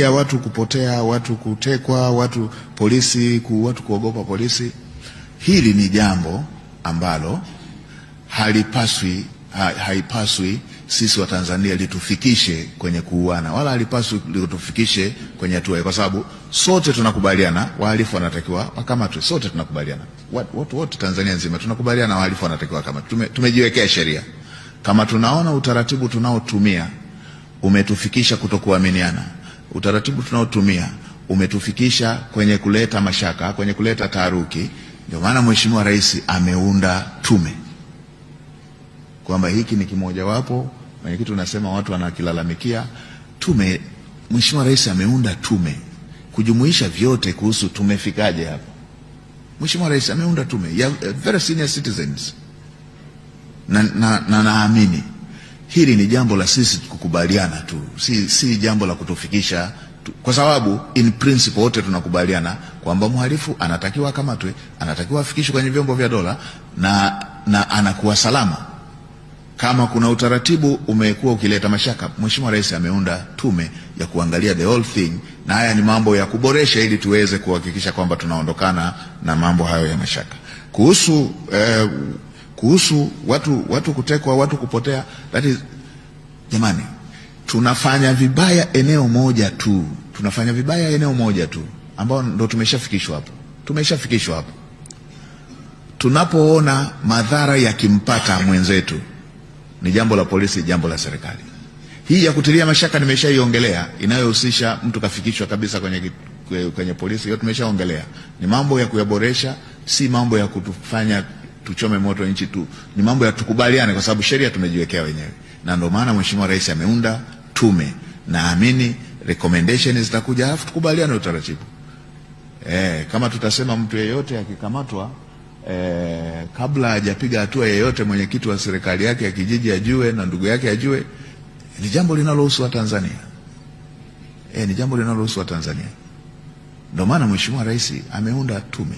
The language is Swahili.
ya watu kupotea, watu kutekwa, watu polisi ku, watu kuogopa polisi. Hili ni jambo ambalo halipaswi ha, haipaswi sisi wa Tanzania litufikishe kwenye kuuana, wala halipaswi litufikishe kwenye hatua, kwa sababu sote tunakubaliana wahalifu wanatakiwa wakamatwe. Sote tunakubaliana watu wote Tanzania nzima tunakubaliana wahalifu wanatakiwa kama Tume, tumejiwekea sheria. Kama tunaona utaratibu tunaotumia umetufikisha kutokuaminiana utaratibu tunaotumia umetufikisha kwenye kuleta mashaka, kwenye kuleta taharuki. Ndio maana Mheshimiwa Rais ameunda tume kwamba hiki ni kimojawapo. Mwenyekiti, unasema watu wanakilalamikia tume. Mheshimiwa Rais ameunda tume kujumuisha vyote kuhusu tumefikaje hapa. Mheshimiwa Rais ameunda tume ya eh, very senior citizens na naamini na, na, hili ni jambo la sisi kukubaliana tu, si, si jambo la kutufikisha tu, kwa sababu in principle wote tunakubaliana kwamba mhalifu anatakiwa akamatwe, anatakiwa afikishwe kwenye vyombo vya dola na, na anakuwa salama. Kama kuna utaratibu umekuwa ukileta mashaka, Mheshimiwa Rais ameunda tume ya kuangalia the whole thing, na haya ni mambo ya kuboresha ili tuweze kuhakikisha kwamba tunaondokana na mambo hayo ya mashaka kuhusu eh, kuhusu watu, watu kutekwa, watu kupotea, that is, jamani, tunafanya vibaya eneo moja tu, tunafanya vibaya eneo moja tu, ambao ndo tumeshafikishwa hapo, tumeshafikishwa hapo. Tunapoona madhara yakimpata mwenzetu, ni jambo la polisi, jambo la serikali. Hii ya kutilia mashaka nimeshaiongelea, inayohusisha mtu kafikishwa kabisa kwenye, kwenye polisi, hiyo tumeshaongelea. Ni mambo ya kuyaboresha, si mambo ya kutufanya tuchome moto nchi tu, ni mambo ya tukubaliane, kwa sababu sheria tumejiwekea wenyewe, na ndio maana Mheshimiwa Rais ameunda tume. Naamini recommendation zitakuja, alafu tukubaliane utaratibu eh, kama tutasema mtu yeyote akikamatwa Eh, kabla hajapiga hatua yeyote mwenyekiti wa serikali yake ya kijiji ajue na ndugu yake ajue, ni jambo linalohusu Watanzania eh, ni jambo linalohusu Watanzania. Ndio maana Mheshimiwa Rais ameunda tume.